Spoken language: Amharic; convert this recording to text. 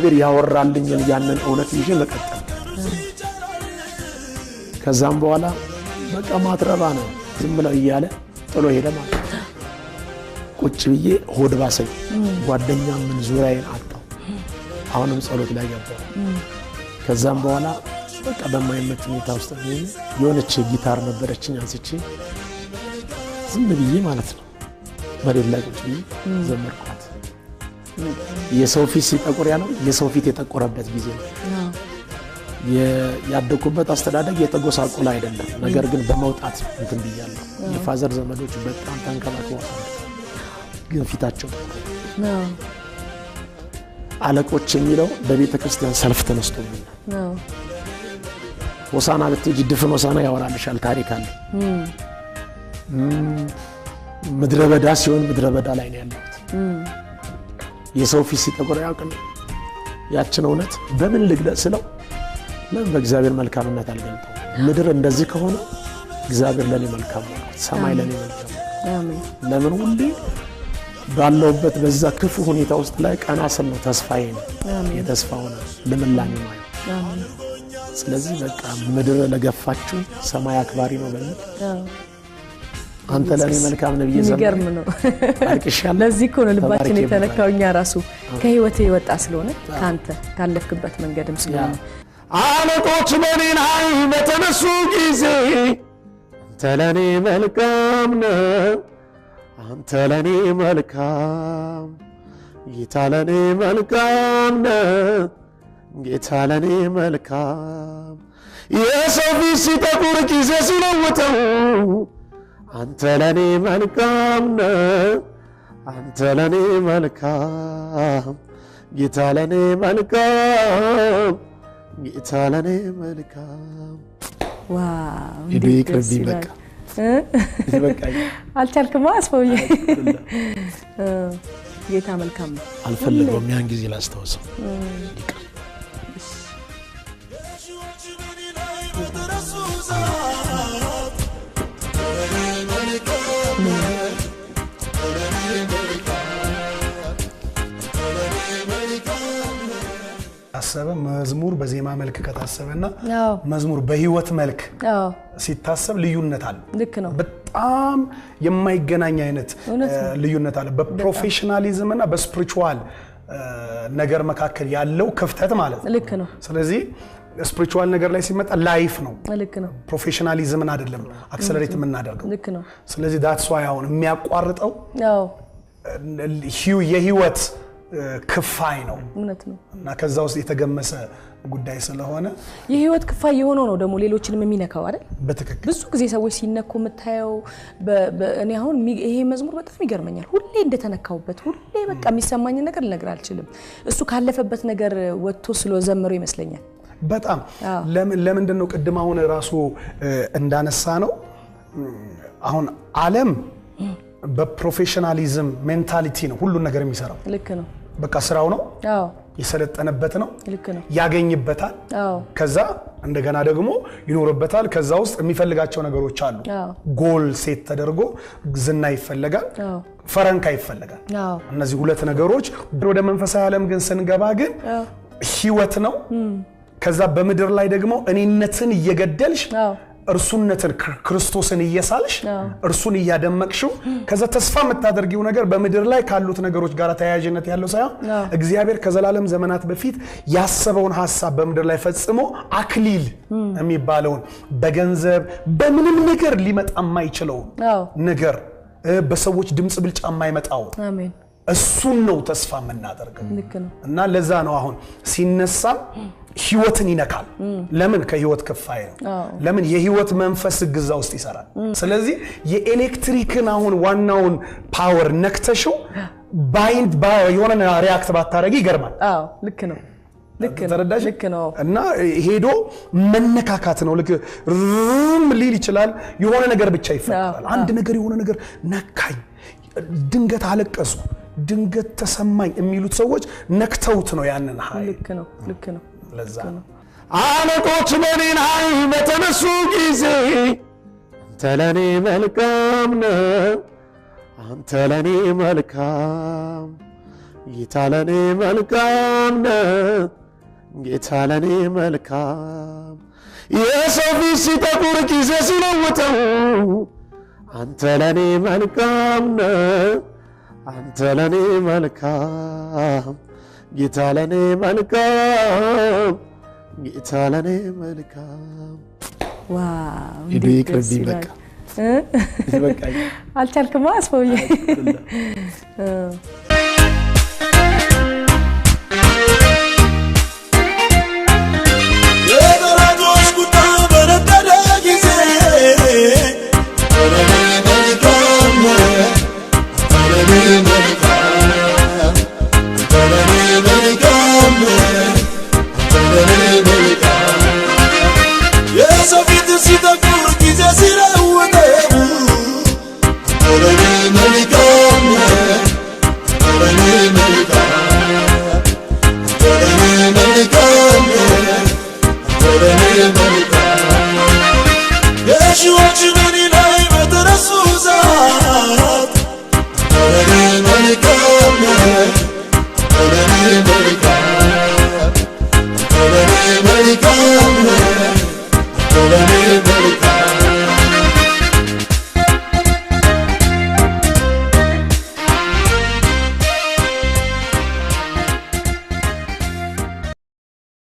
እግዚአብሔር ያወራልኝን ያንን እውነት ይዤ ልቀጥል። ከዛም በኋላ በቃ ማትረባ ነው ዝም ብለው እያለ ጥሎ ሄደ ማለት ነው። ቁጭ ብዬ ሆድ ባሰኝ፣ ጓደኛ ምን ዙሪያዬን አጣው። አሁንም ጸሎት ላይ ገባ። ከዛም በኋላ በቃ በማይመች ሁኔታ ውስጥ የሆነች ጊታር ነበረችኝ አንስቼ ዝም ብዬ ማለት ነው መሬት ላይ ቁጭ ብዬ ዘመርኩ። የሰው ፊት ሲጠቁር ያለው የሰው ፊት የጠቆረበት ጊዜ ነው። ያደኩበት አስተዳደግ የተጎሳቆለ አይደለም። ነገር ግን በመውጣት እንትን ብያለሁ። የፋዘር ዘመዶች በጣም ተንከባክበው ግን ፊታቸው አለቆች የሚለው በቤተ ክርስቲያን ሰልፍ ተነስቶብኛል። ሆሳና ብትሄጂ ድፍን ሆሳና ያወራልሻል፣ ታሪክ አለ። ምድረ በዳ ሲሆን ምድረ በዳ ላይ ነው ያለሁት። የሰው ፊት ሲጠቁር አያውቅም። ያችን እውነት በምን ልግለጽ ስለው ምን በእግዚአብሔር መልካምነት አልገልጠው። ምድር እንደዚህ ከሆነ እግዚአብሔር ለእኔ መልካም ነው፣ ሰማይ ለእኔ መልካም ለምን ሁሌ ባለውበት በዛ ክፉ ሁኔታ ውስጥ ላይ ቀና ስል ነው ተስፋዬ ነው የተስፋ ሆነ ልምላሜ ነው። ስለዚህ በቃ ምድር ለገፋችሁ ሰማይ አክባሪ ነው በሚል አንተ ለእኔ መልካም ነው ብዬ የሚገርም ነው። ለዚህ እኮ ነው ልባችን የተነካው። እኛ ራሱ ከህይወት የወጣ ስለሆነ ከአንተ ካለፍክበት መንገድም ስለሆነ አለቆች በእኔ ላይ በተነሱ ጊዜ አንተ ለእኔ መልካም ነው፣ አንተ ለእኔ መልካም ጌታ፣ ለእኔ መልካም ነው ጌታ፣ ለእኔ መልካም የሰው ፊት ሲጠቁር ጊዜ ሲለውጠው አንተ ለኔ መልካም ነህ፣ አንተ ለኔ መልካም ጌታ፣ ለኔ መልካም ጌታ፣ ለኔ መልካም። ሄዶ ይቅርብኝ በቃ አልቻልክማ። አስፈውዬ ጌታ መልካም ነው። አልፈለገውም። ያን ጊዜ ላስታውሰው ይቅር ከታሰበ መዝሙር በዜማ መልክ ከታሰበና መዝሙር በህይወት መልክ ሲታሰብ ልዩነት አለ። ልክ ነው። በጣም የማይገናኝ አይነት ልዩነት አለ። በፕሮፌሽናሊዝም እና በስፕሪቹዋል ነገር መካከል ያለው ክፍተት ማለት ነው። ልክ ነው። ስለዚህ ስፕሪቹዋል ነገር ላይ ሲመጣ ላይፍ ነው። ልክ ነው። ፕሮፌሽናሊዝምን አይደለም አክሰለሬት የምናደርገው። ልክ ነው። ስለዚህ ዳትስ ዋይ አሁን የሚያቋርጠው የህይወት ክፋይ ነው እና ከዛ ውስጥ የተገመሰ ጉዳይ ስለሆነ የህይወት ክፋይ የሆነው ነው ደግሞ ሌሎችንም የሚነካው አይደል? በትክክል ብዙ ጊዜ ሰዎች ሲነኩ የምታየው። እኔ አሁን ይሄ መዝሙር በጣም ይገርመኛል። ሁሌ እንደተነካውበት ሁሌ በቃ የሚሰማኝን ነገር ልነግር አልችልም። እሱ ካለፈበት ነገር ወጥቶ ስለዘመሩ ይመስለኛል። በጣም ለምንድን ነው ቅድም አሁን ራሱ እንዳነሳ ነው አሁን ዓለም በፕሮፌሽናሊዝም ሜንታሊቲ ነው ሁሉን ነገር የሚሰራው። ልክ ነው። በቃ ስራው ነው የሰለጠነበት ነው ያገኝበታል። ከዛ እንደገና ደግሞ ይኖርበታል። ከዛ ውስጥ የሚፈልጋቸው ነገሮች አሉ። ጎል ሴት ተደርጎ ዝና ይፈለጋል፣ ፈረንካ ይፈለጋል። እነዚህ ሁለት ነገሮች። ወደ መንፈሳዊ ዓለም ግን ስንገባ ግን ህይወት ነው። ከዛ በምድር ላይ ደግሞ እኔነትን እየገደልሽ እርሱነትን ክርስቶስን እየሳልሽ እርሱን እያደመቅሽው ከዛ ተስፋ የምታደርጊው ነገር በምድር ላይ ካሉት ነገሮች ጋር ተያያዥነት ያለው ሳይሆን እግዚአብሔር ከዘላለም ዘመናት በፊት ያሰበውን ሀሳብ በምድር ላይ ፈጽሞ አክሊል የሚባለውን በገንዘብ በምንም ነገር ሊመጣ የማይችለው ነገር በሰዎች ድምፅ ብልጫ የማይመጣው እሱን ነው ተስፋ የምናደርገው እና ለዛ ነው አሁን ሲነሳ ህይወትን ይነካል። ለምን ከህይወት ክፋይ ነው። ለምን የህይወት መንፈስ ግዛ ውስጥ ይሰራል። ስለዚህ የኤሌክትሪክን አሁን ዋናውን ፓወር ነክተሽው ባይንድ የሆነ ሪያክት ባታደረግ ይገርማል። ልክ ነው እና ሄዶ መነካካት ነው። ልክ ሊል ይችላል። የሆነ ነገር ብቻ ይፈል አንድ ነገር የሆነ ነገር ነካኝ ድንገት አለቀሱ ድንገት ተሰማኝ የሚሉት ሰዎች ነክተውት ነው ያንን ኃይል። ልክ ነው፣ ለዛ ነው አለቆች በኔን ኃይል በተነሱ ጊዜ አንተ ለኔ መልካም ነው፣ አንተ ለኔ መልካም ጌታ ለኔ መልካም ነው፣ ጌታ ለኔ መልካም የሰው ፊት ሲጠቁር ጊዜ ሲለውጠው አንተ ለኔ መልካም አንተ ለኔ መልካም ጌታ፣ ለኔ መልካም ጌታ፣ ለኔ መልካም። ሄዶ አልቻልክማ አስበውዬ አብረን በልታ የሺዎች መኒ ላይ በተረሱ ዛሬ